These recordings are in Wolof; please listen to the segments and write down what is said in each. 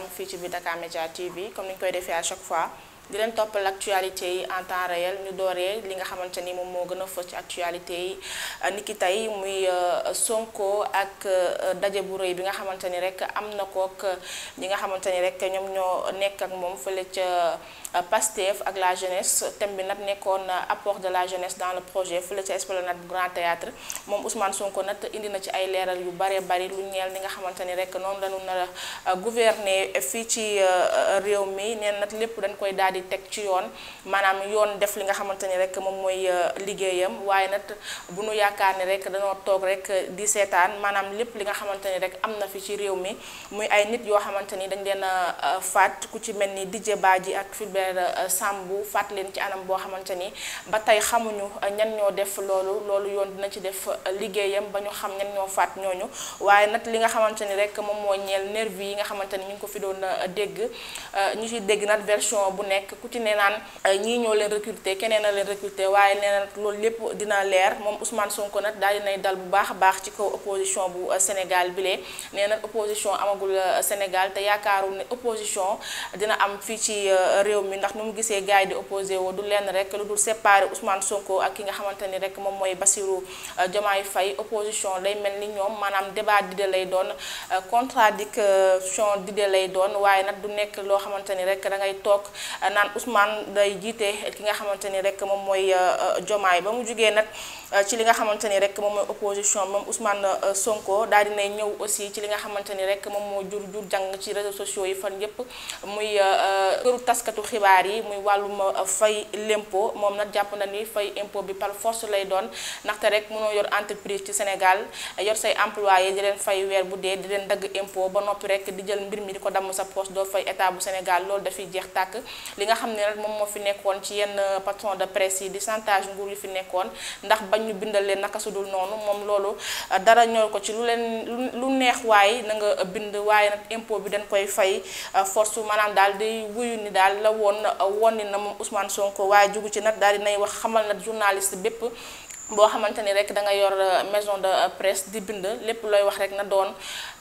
jàmm fii ci biir Dakar Media TV comme ni ñu koy defee à chaque fois di leen toppal actualité yi en temps ñu dooree li nga xamante ni moom moo gën a fës ci actualité yi euh, niki tey muy euh, Sonko ak euh, daje bu rëy bi nga xamante ni rek am na kook ñi nga xamante ni rek ñoom ñoo nekk ak moom fële ca. Euh, Pastef ak la jeunesse tem bi nag nekkoon euh, apport de la jeunesse dans le projet fële ca esplanade bu Grand Théâtre moom Ousmane Sonko nag indi na ci ay leeral yu bare bari lu ñeel ni nga xamante ni rek noonu lañu nar a euh, gouverner fii ci réew mi neen nag lépp dañ koy daal di teg ci yoon maanaam yoon def li nga xamante ni rek moom mooy liggéeyam waaye nag bu nu yaakaar ni rek dañoo toog rek di seetaan maanaam lépp li nga xamante ni rek am na fi ci réew mi muy ay nit yoo xamante ni dañ leen a faat Fulbert euh, Sambou faat leen ci anam boo xamante ni ba tey xamuñu euh, ñan ñoo def loolu loolu yoon dina ci def euh, liggéeyam ba ñu xam ñan ñoo faat ñooñu waaye nag li nga xamante ni rek moom moo ñeel nervi yi nga xamante ni ñu ngi ko fi doon dégg ñu ci dégg nag version bu nekk ku ci nee naan ñii ñoo leen recruter keneen a leen recruter waaye nee na loolu lépp dina leer moom Ousmane Sonko nag daal dinay dal bu baax a baax ci kaw opposition bu Sénégal bi lee nee na opposition amagul Sénégal te mi ndax nu mu gisee gars yi di opposé woo du lenn rek lu dul séparé Ousmane Sonko ak ki nga xamante ni rek moom mooy Bassirou euh, Diomaye Faye opposition lay mel ni ñoom maanaam débat d'idées lay doon euh, contradiction d'idées lay doon waaye nag du nekk loo xamante ni rek da ngay toog euh, naan Ousmane day jiite ki nga xamante ni rek moom mooy Diomaye ba mu jugee nag ci li nga xamante ni rek moom mooy opposition moom Ousmane Sonko di nay ñëw aussi ci li nga xamante ni rek moom moo jur jur jàng ci réseaux sociaux yi fan yépp muy këru taskatu xibaar xibaar yi muy wàllum euh, fay l'impôt moom nag jàpp na ni fay impôt bi par force lay doon ndaxte rek mënoo yor entreprise ci Sénégal yor say employé di weer bu dee di leen dagg impôt ba noppi rek di jël mbir mi di ko damm sa poche doo fay état bu Sénégal loolu dafiy jeex tàkk li nga xam ne nag moom moo fi nekkoon ci yenn euh, patron de presse yi di chantage nguur yu fi nekkoon ndax bañ ñu bindal leen naka su noonu moom loolu euh, dara ñor ko ci lu leen lu neex waaye nanga bind waaye nag bi dañ koy fay woon woon ni na moom Ousmane Sonko waaye jugu ci nag dal di wax xamal na journaliste bépp boo xamante rek da nga yor euh, maison de euh, presse di bind lépp looy wax rek na doon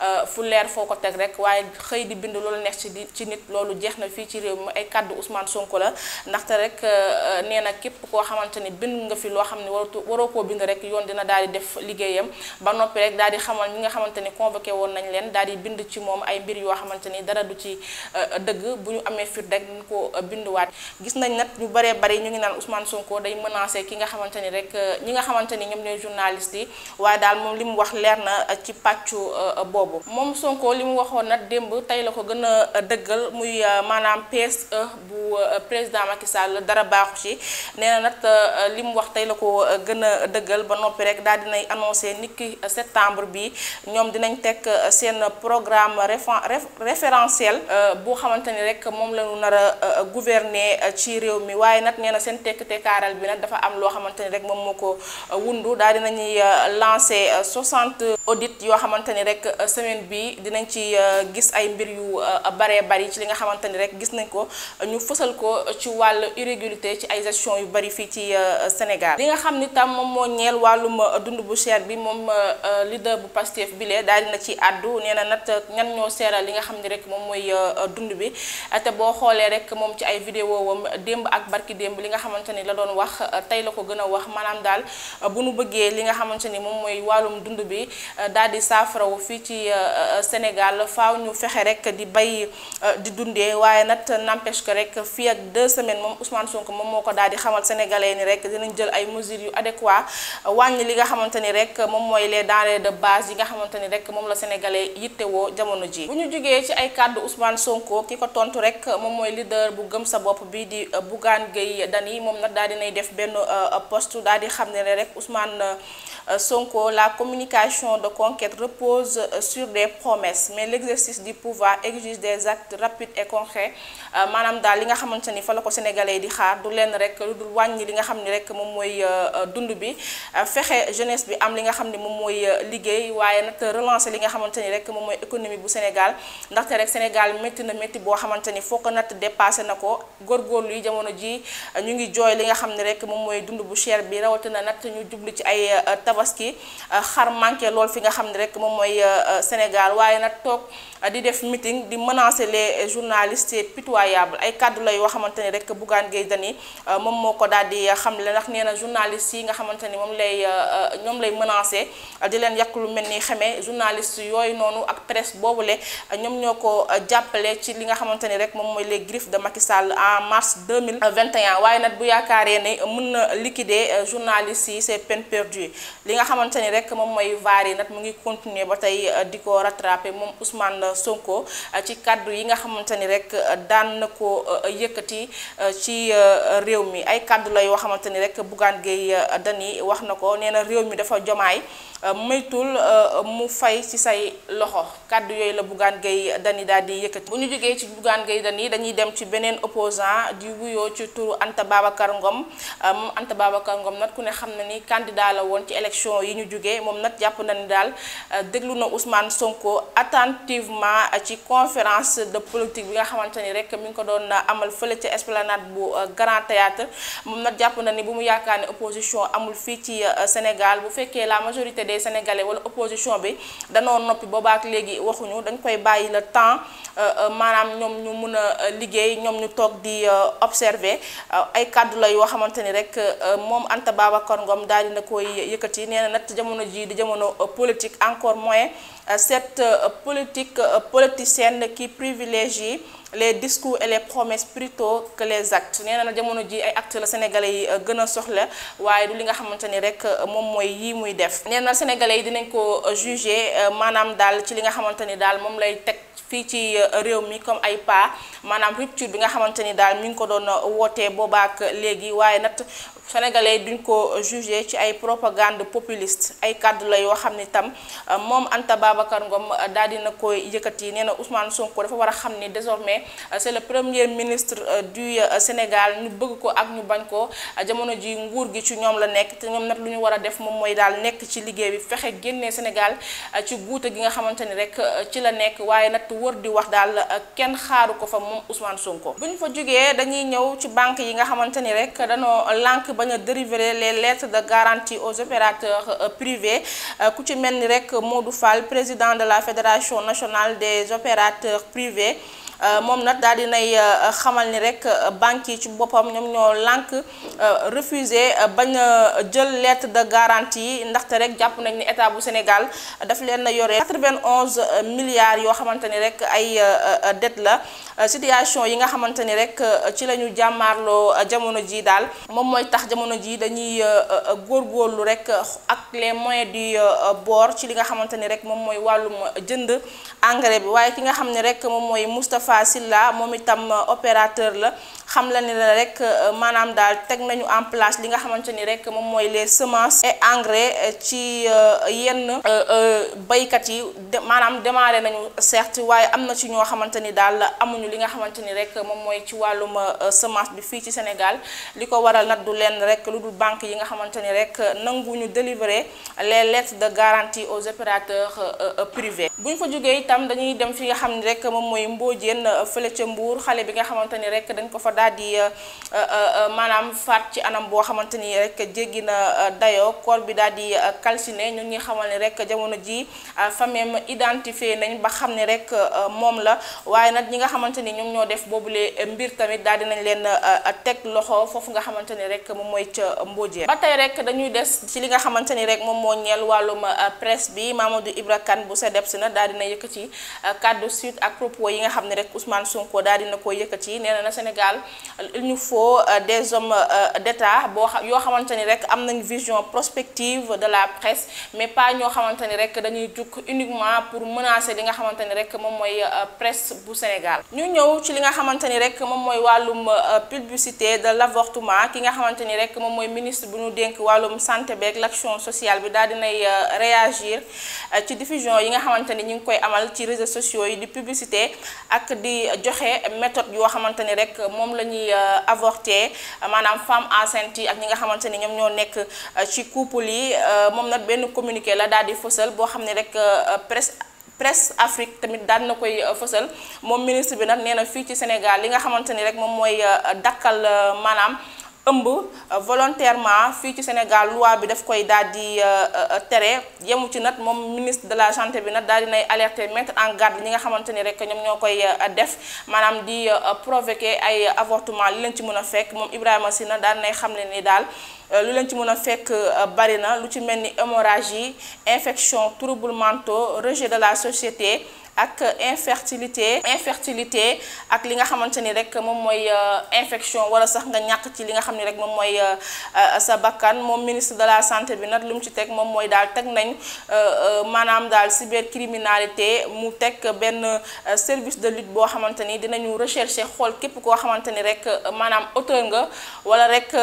euh, fu leer foo ko teg rek waaye xëy di bind loolu neex ci nit loolu jeex na fii ci réew mi la ndaxte rek na képp koo xamante ni bind nga fi loo xam ne waratu waroo koo bind rek yoon dina daal di ba noppi rek daal di xamal ñi nga xamante ni convoqué woon nañ leen daal di bind ci moom ay mbir yoo xamante ni dara du ci dëgg bu ñu amee fit rek ñu ko binduwaat gis nañ nag ñu baree bari ñu ngi naan Ousmane Sonko day menacé ki nga xamante rek nga xamante ni ñoom ñooy journaliste yi waaye daal moom li mu wax leer na ci pàccu euh, boobu moom Sonko li mu waxoon nag démb tey la ko gën a euh, dëggal muy euh, maanaam PSE bu président Macky Sall dara baaxu ci nee na nag li mu wax tey la ko gën a dëggal ba noppi rek daal dinay annoncé nit ki septembre bi ñoom dinañ teg seen programme référentiel boo xamante ni rek moom la ñu nar a gouverner ci réew mi waaye nag nee seen tekk tekkaaral bi nag dafa am loo xamante Euh, wundu daal dinañuy euh, lancé 60 euh, audit yoo xamante ni rek semaine bi dinañ ci gis ay mbir yu baree bari ci li nga xamante ni rek gis nañ ko ñu fësal ko ci wàll irrégularité ci ay gestion yu bari fii ci Sénégal li nga xam ni tam moom moo ñeel wàllum dund bu cher bi moom leader bu Pastef bi lee daal dina ci àddu nee na nag ñan ñoo seeral li nga xam ni rek moom mooy dund bi te boo xoolee rek moom ci ay vidéo wam démb ak barki démb li nga xamante ni la doon wax tey la ko gën a wax maanaam Euh, bu nu bëggee li nga xamante ni moom mooy wàllum dund bi euh, daal di saafarawu fii ci euh, Sénégal faaw ñu fexe rek di bay di dundee waaye nag n'empêche que rek fii ak deux semaines moom Ousmane Sonko moom moo ko daal di xamal sénégalais ni rek danañ jël ay mesures yu adéquat wàññi li nga xamante ni rek moom mooy les denrées de base yi nga xamante ni rek moom la sénégalais yittewoo jamono ji bu ñu jugee ci ay kàddu Ousmane Sonko ki ko tontu rek moom mooy leader bu gëm sa bopp bi di Bougane Gueye Dany moom nag daal dinay def benn poste ne rek la Euh, Sonko, la communication de conquête repose euh, sur des promesses mais l'exercice di pouvoir exige des actes rapides et concrets euh, maanaam daal li nga xamante ni fa la ko sénégalais yi di xaar du leen rek du wàññi li nga xam ni rek moom mooy dund bi fexe jeunesse bi am li nga xam ni moom mooy liggéey waaye nag relancer li nga xamante ni rek moom mooy économie bu Sénégal ndaxte rek Sénégal métti na métti boo xamante ni foo ko natt dépassé na ko góorgóorlu yi jamono ji ñu ngi jooy li nga xam ni rek moom mooy dund bu cher bi rawatina nag ñu jublu ci ay tabax tabaski euh, xar manqué lool fi nga xam ne rek moom mooy euh, euh, Sénégal waaye nag toog di def meeting di menacer les journalistes c'est pitoyable ay kàddu la yoo xamante ni rek Bougane Gueye Dany moom moo ko daal di xam le ndax nee na journalistes yi nga xamante ni moom lay ñoom lay menacer di leen yàq lu mel ni xamee journalistes yooyu noonu boobule ñoom ñoo ko jàppale ci li nga xamante ni rek moom mooy les griffes de Macky Sall en mars 2021 waaye nag bu yaakaaree ne mun na liquider journalistes yi c'est peine perdue li nga xamante ni rek moom mooy vaar yi nag mu ngi continuer ba tey euh, di ko rattraper moom Ousmane Sonko euh, ci kaddu yi nga xamante ni rek euh, daan na ko yëkkati ci réew mi ay kaddu la yoo xamante ni rek Bougane Gueye Dany wax na ko nee na réew mi dafa jomaay moytul mu fay ci say loxo kaddu yooyu la Bougane géey Dany daal di yëkkati bu ñu jógee ci Bougane Gueye Dany dañuy dem ci beneen opposant di wuyoo ci turu Anta Babacar Ngom Anta Babacar Ngom nag ku ne xam na ni candidat la woon ci élection élection yi ñu jógee moom nag jàpp na ni daal euh, déglu na Ousmane Sonko attentivement ci conférence de politique bi nga xamante ni rek mi ngi ko doon amal fële ca esplanade bu euh, Grand Théâtre moom nag jàpp na ni bu mu yaakaar ne opposition amul fii ci euh, Sénégal bu fekkee la majorité des Sénégalais wala opposition bi danoo noppi boobaak léegi waxuñu dañ koy bàyyi le temps maanaam ñoom ñu mun a liggéey ñoom ñu toog di observer ay kàddu la yoo xamante ni rek moom Anta Babacar Ngom nee na nag jamono ji di jamono euh, politique encore moins euh, cet euh, politique politicienne qui privilégie les discours et les promesses plutôt que les actes nee na jamono ji ay act la sénégalais yi gën a soxla waaye du li nga xamante ni rek moom mooy yii muy def nee na sénégalais yi dinañ ko juger maanaam daal ci li nga xamante ni daal moom lay teg fii ci réew mi comme ay pas maanaam rupture bi nga xamante ni daal mi ngi ko doon wootee boobaak léegi waaye nag sénégalais duñ ko jugé ci ay propagande populiste ay kàddu la yoo xam ni tam euh, moom Anta Babacar Ngom euh, daal dina koy yëkkati nee na Ousmane Sonko dafa war a xam ni désormais euh, c'est le premier ministre du Sénégal ñu bëgg ko ak ñu bañ ko jamono ji nguur gi ci ñoom la nekk te ñoom nag lu ñu war a def moom mooy daal nekk ci liggéey bi fexe génnee Sénégal ci guute gi nga xamante ni rek ci la nekk waaye nag wër di wax daal kenn xaaru ko fa moom Ousmane Sonko bu ñu yi nga xamante ni rek bañ a délivrer les lettres de garantie aux opérateurs euh, privés euh, ku ci mel ni rek Modou Fall président de la fédération nationale des opérateurs privés Euh, moom nag daal dinay euh, xamal ni rek euh, banque yi ci boppam ñoom ñoo lànk refusé bañ jël lettre de garantie ndaxte rek jàpp nañ ni état bu Sénégal daf leen na yore 91 milliards yoo xamante ni rek ay dette la situation yi nga xamante ni rek ci la ñu jàmmaarloo jamono ji daal moom mooy tax jamono ji dañuy góor góorlu rek ak les moyens du bord ci li nga xamante ni rek moom mooy wàllum jënd engrais bi waaye ki nga xam ne rek moom mooy Moustapha Silla moom itam opérateur la xam la ni la rek euh, maanaam daal teg nañu en place li nga xamante ni rek moom mooy les semences et engrais euh, ci euh, yenn baykat yi maanaam démarré nañu certes waaye am na ci ñoo xamante ni daal amuñu li nga xamante ni rek moom mooy ci wàllum semence bi fii ci Sénégal li ko waral nag du leen rek lu dul banque yi nga xamante ni rek nanguñu délivrer les lettres de garantie aux opérateurs privés bu fa jógee itam dañuy dem fi nga xam ni rek moom mooy Mbodiène fële ca bi nga daal di euh, euh, euh, maanaam faat ci anam boo xamante ni rek jéggi na dayo corps bi daal di calciné ñu ngi xamal ni rek jamono ji famem identifié nañ ba xam ne rek moom la waaye nag ñi nga xamante ni ñoom ñoo def boobu boobule mbir tamit daal dinañ leen teg loxo foofu nga xamante ni rek moom mooy ca Mbodjee ba tey rek dañuy des ci li nga xamante ni rek moom moo ñeel wàllum presse bi Mamadou Ibra Kane bu CDEPS na daal dina yëkkati kàddu suite ak propos yi nga xam ne rek Ousmane Sonko daal dina ko yëkkati nee na Sénégal il nous faut euh, des hommes euh, d'État boo xam yoo xamante ni rek am nañ vision prospective de la presse mais pas ñoo xamante ni rek dañuy jukk uniquement pour menacer li nga xamante ni rek moom mooy euh, presse bu Sénégal. ñu ñëw ci li nga xamante ni rek moom mooy wàllum publicité de l'avortement ki nga xamante ni rek moom mooy ministre bu ñu dénk wàllum santé beeg l'action sociale bi daal dinay réagir ci diffusion yi nga xamante ni ñu ngi koy amal ci réseaux sociaux yi di publicité ak di joxe méthode yoo xamante ni moom la ñuy euh, avorter maanaam femme enceinte yi ak ñi nga xamante ni ñoom ñoo nekk euh, ci couple yi euh, moom nag benn communiquer la daal di fësal boo xam ne rek presse. presse Afrique tamit daan na koy fësal moom ministre bi nag nee na fii ci Sénégal li nga xamante ni rek moom mooy dakkal maanaam ëmb euh, volontairement fii ci Sénégal loi bi daf koy daal di euh, euh, tere yemu ci nag moom ministre de la santé bi nag daal di nay alerter mettre en garde ñi nga xamante ni rek ñoom ñoo koy def maanaam di provoquer ay avortement li leen ci mën a fekk moom Ibrahima si nag daal di nay xam ne ni daal lu leen ci mën a fekk bari na lu ci mel ni hémorragie infection troubles mentaux de la société ak infertilité infertilité ak li nga xamante ni rek moom mooy euh, infection wala sax nga ñàkk ci li nga xam ni rek moom mooy euh, euh, sa bakkan moom ministre de la santé bi nag lu mu ci teg moom mooy daal teg nañ maanaam daal cybercriminalité mu teg benn service de lutte boo xamante ni dinañu recherche xool képp koo xamante ni rek maanaam auteur nga wala rek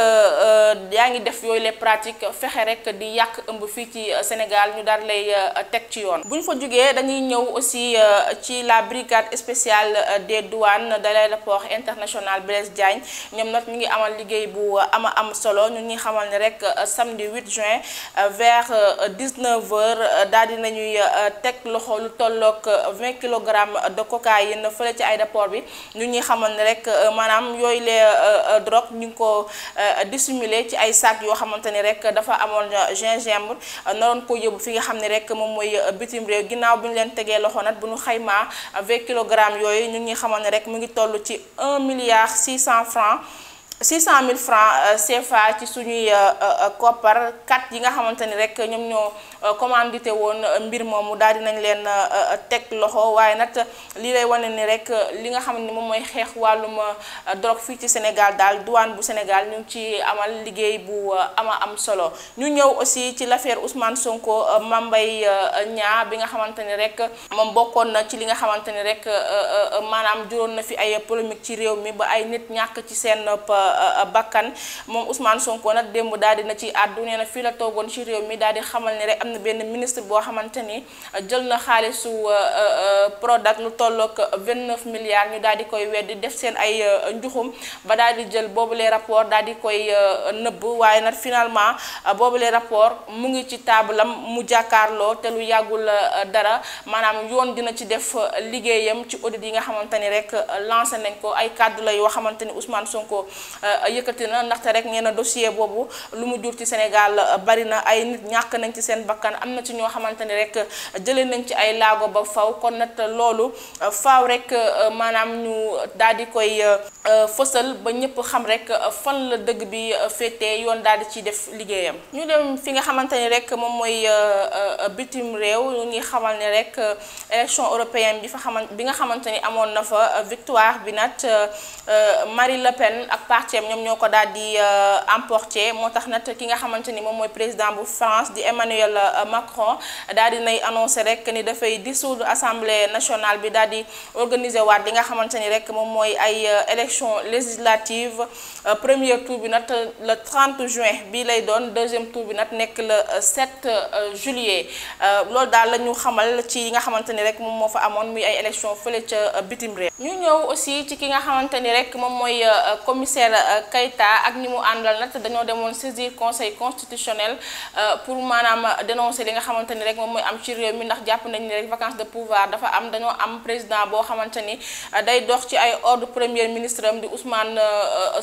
yaa ngi def yooyu les pratiques fexe rek di yàq ëmb fii ci Sénégal ñu daal lay teg ci yoon bu fa jógee dañuy ñëw aussi Euh, ci la brigade spéciale euh, des douanes de l'aéroport international Blaise Diagne ñoom nag ñu ngi amal liggéey bu euh, ama am solo ñu ngi xamal ni rek samedi 8 juin vers 19h daal di nañuy teg loxo lu tolloog 20 kilogrammes de cocaïne fële ci aéroport bi ñu ngi xamal ni rek maanaam yooyu les drogue ñu ngi ko dissimulé ci ay sac yoo xamante ni rek dafa amoon gingembre naroon ko yóbbu fi nga xam ne rek moom mooy bitim réew ginnaaw bu ñu leen tegee loxo nag. mu xayma xaymaa vingt kilogrammes yooyu ñu ngi xamal ne rek mu ngi toll ci un milliard six cent francs 600000 francs euh, CFA ci suñuy euh, euh, koppar kat yi nga xamante ni rek ñoom ñoo commandité woon mbir moomu daal nañ leen teg loxo waaye nag lii lay wane ni rek li nga xam ni moom mooy xeex wàllum drogue fii ci Sénégal daal douane bu Sénégal ñu ngi ci amal liggéey bu ama am solo ñu ñëw aussi ci l'affaire Ousmane Sonko Mame Mbaye Niang bi nga xamante ni rek moom bokkoon na ci li nga xamante ni rek maanaam juróon na fi ay polémique ci réew mi ba ay nit ñàkk ci seen. Euh, euh, bakkan moom Ousmane Sonko nag démb daal dina ci àddu nee na fii la toogoon ci réew mi daal di xamal ni rek am na benn ministre boo xamante ni euh, jël na xaalisu Prodac lu tolloog 29 milliards ñu daal di koy weddi def seen ay njuxum ba daal di jël boobu les rapport daal di koy nëbb waaye nag finalement boobu les rapport mu ngi ci taabalam mu jàkkaarloo te lu yàggul dara maanaam yoon dina ci def liggéeyam ci audit yi nga xamante ni rek lancé nañ ko ay kàddu yoo xamante ni Ousmane Sonko Euh, yëkkati na ndaxte rek ngeen na dossier boobu lu mu jur ci Sénégal euh, bari na ay nit ñàkk nañ ci seen bakkan am na ci ñoo xamante ni rek euh, jëlee nañ ci ay laago ba faw kon nag loolu faaw rek maanaam ñu daal di koy fësal ba ñëpp xam rek fan la dëgg bi féetee yoon daal di ciy def liggéeyam. ñu dem fi nga xamante ni rek moom mooy bitim réew ñu ngi xamal ne rek élection européenne bi fa xamante bi nga xamante ni amoon na fa victoire bi nag Marie Le Pen ak parti am ñoom ñoo ko daal di euh, emporté moo tax nag ki nga xamante ni moom mooy président bu France di Emmanuel euh, Macron daal di nay annoncé rek ni dafay di dissoudre assemblée nationale bi daal di organiser waat li nga xamante ni rek moom mooy ay euh, élection législative premier tour bi nat le 30 juin bi lay doon deuxième tour bi nag nekk le 7 juillet loolu daal la ñu xamal ci yi nga xamante ni rek moom moo fa amoon muy ay élection fële ca bitim réew ñu ñëw aussi ci ki nga xamante ni moom mooy commissaire Euh, Keita ak ñi mu àndal nag dañoo demoon saisir conseil constitutionnel euh, pour maanaam dénoncer li nga xamante ni rek moom mooy am ci réew mi ndax jàpp nañ ni rek vacance de pouvoir dafa am dañoo am président boo xamante ni euh, day dox ci ay ordre premier ministre am di Ousmane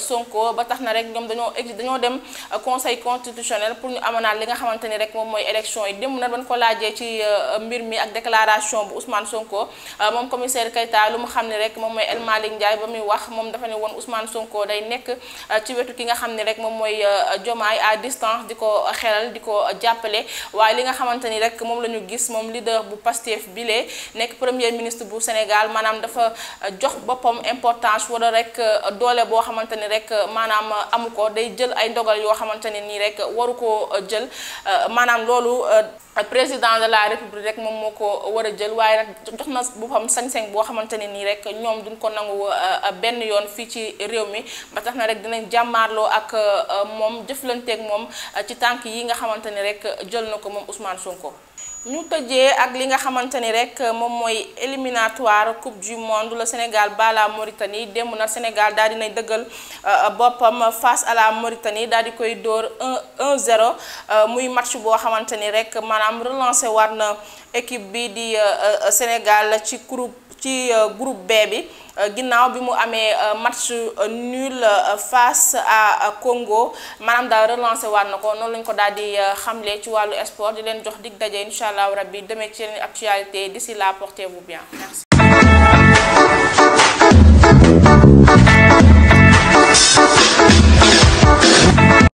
Sonko ba tax na rek ñoom dañoo ex dañoo dem conseil constitutionnel pour ñu amanaat li nga xamante ni rek moom mooy élection yi démb na ban ko laajee ci mbir mi ak déclaration bu Ousmane Sonko moom commissaire Keita lu mu xam ne rek moom mooy El Malick ba muy wax moom dafa ne woon Ousmane Sonko day nekk nekk euh, ci wetu ki nga xam ne rek moom mooy jomaay euh, à distance di ko xelal di ko jàppale waaye li nga xamante ni rek moom la ñu gis moom leader bu Pastef bile nekk premier ministre bu Sénégal maanaam dafa euh, jox boppam importance wala rek doole boo xamante ni rek maanaam amu ko day jël ay ndogal yoo xamante ne nii rek waru koo jël maanaam loolu président de la république rek moom moo ko war a jël waaye nag jox na boppam sañ-sañ boo xamante ne nii rek ñoom duñ ko nangu euh, euh, benn yoon fii ci réew mi ba tax na rek dinañ jàmmaarloo ak euh, moom jëflanteek moom ci tànk yi nga xamante ni rek jël na ko moom Ousmane ko ñu tëjee ak li nga xamante ni rek moom mooy éliminatoire coupe du monde le Sénégal bat la Mauritanie démb na Sénégal daal dinay dëggal euh, boppam face à la Mauritanie daal di koy dóor un 1-0 euh, muy match boo xamante ni rek maanaam relancé war na équipe bi di euh, Sénégal ci groupe. ci euh, groupe B bi euh, ginnaaw bi mu amee euh, match nul face à Congo maanaam daal relancé waat na ko noonu lañ ko daal di xamle ci wàllu sport di leen jox dig daje incha allah rabbi demee ci yeneen actualité d'ici la portez-vous bien